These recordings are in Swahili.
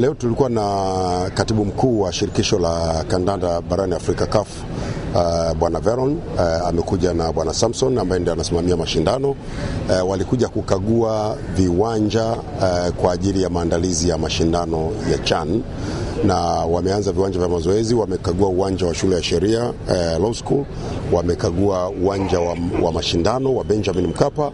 Leo tulikuwa na katibu mkuu wa shirikisho la kandanda barani Afrika CAF Uh, bwana Veron uh, amekuja na bwana Samson ambaye ndiye anasimamia mashindano uh, walikuja kukagua viwanja uh, kwa ajili ya maandalizi ya mashindano ya CHAN na wameanza viwanja vya mazoezi, wamekagua uwanja wa shule ya sheria eh, law school, wamekagua uwanja wa, wa mashindano wa Benjamin Mkapa,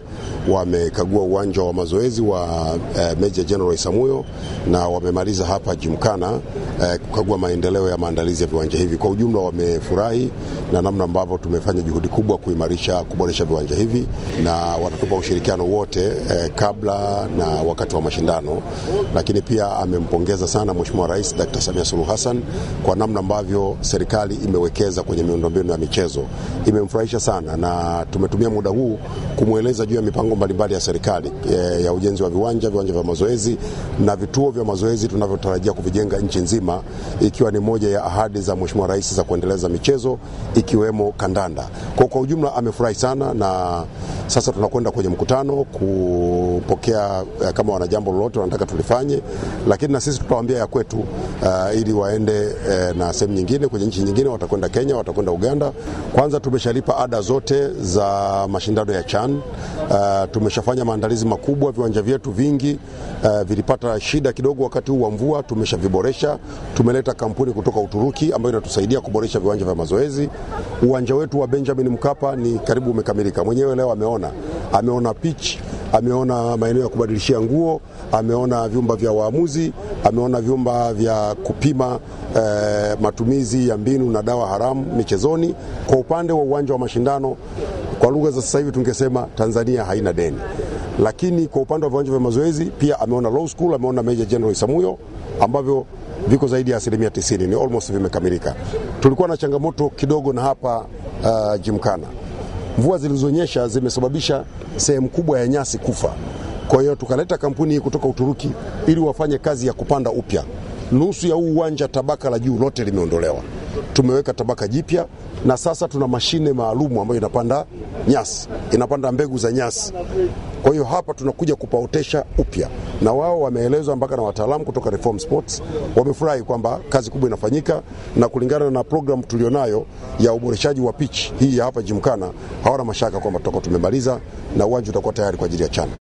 wamekagua uwanja wa mazoezi wa eh, Meja General Isamuyo na wamemaliza hapa Jimkana eh, kukagua maendeleo ya maandalizi ya viwanja hivi. Kwa ujumla wamefurahi na namna ambavyo tumefanya juhudi kubwa kuimarisha, kuboresha viwanja hivi na watatupa ushirikiano wote eh, kabla na wakati wa mashindano, lakini pia amempongeza sana Mheshimiwa Rais Dkt. Samia Suluhu Hassan kwa namna ambavyo serikali imewekeza kwenye miundombinu ya michezo. Imemfurahisha sana na tumetumia muda huu kumweleza juu ya mipango mbalimbali ya serikali e, ya ujenzi wa viwanja, viwanja vya mazoezi na vituo vya mazoezi tunavyotarajia kuvijenga nchi nzima, ikiwa ni moja ya ahadi za Mheshimiwa Rais za kuendeleza michezo ikiwemo kandanda. Kwa, kwa ujumla amefurahi sana na sasa tunakwenda kwenye mkutano kupokea eh, kama wana jambo lolote wanataka tulifanye, lakini na sisi tutawaambia ya kwetu uh, ili waende uh, na sehemu nyingine kwenye nchi nyingine, watakwenda Kenya, watakwenda Uganda. Kwanza tumeshalipa ada zote za mashindano ya CHAN. Uh, tumeshafanya maandalizi makubwa, viwanja vyetu vingi uh, vilipata shida kidogo wakati huu wa mvua, tumeshaviboresha. Tumeleta kampuni kutoka Uturuki ambayo inatusaidia kuboresha viwanja vya mazoezi. Uwanja wetu wa Benjamin Mkapa ni karibu umekamilika, mwenyewe leo ameona, ameona pitch ameona maeneo ya kubadilishia nguo, ameona vyumba vya waamuzi, ameona vyumba vya kupima eh, matumizi ya mbinu na dawa haramu michezoni. Kwa upande wa uwanja wa mashindano, kwa lugha za sasa hivi tungesema Tanzania haina deni lakini kwa upande wa viwanja vya mazoezi pia ameona Law School, ameona Meja General Isamuyo ambavyo viko zaidi ya asilimia tisini, ni almost vimekamilika. Tulikuwa na changamoto kidogo na hapa uh, eh, Jimkana mvua zilizonyesha zimesababisha sehemu kubwa ya nyasi kufa. Kwa hiyo tukaleta kampuni hii kutoka Uturuki ili wafanye kazi ya kupanda upya. Nusu ya huu uwanja tabaka la juu lote limeondolewa tumeweka tabaka jipya na sasa tuna mashine maalum ambayo inapanda nyasi, inapanda mbegu za nyasi. Kwa hiyo hapa tunakuja kupaotesha upya, na wao wameelezwa mpaka na wataalamu kutoka Reform Sports wamefurahi kwamba kazi kubwa inafanyika, na kulingana na programu tulionayo ya uboreshaji wa pitch hii ya hapa jimkana hawana mashaka kwamba tutakuwa tumemaliza na uwanja utakuwa tayari kwa ajili ya chana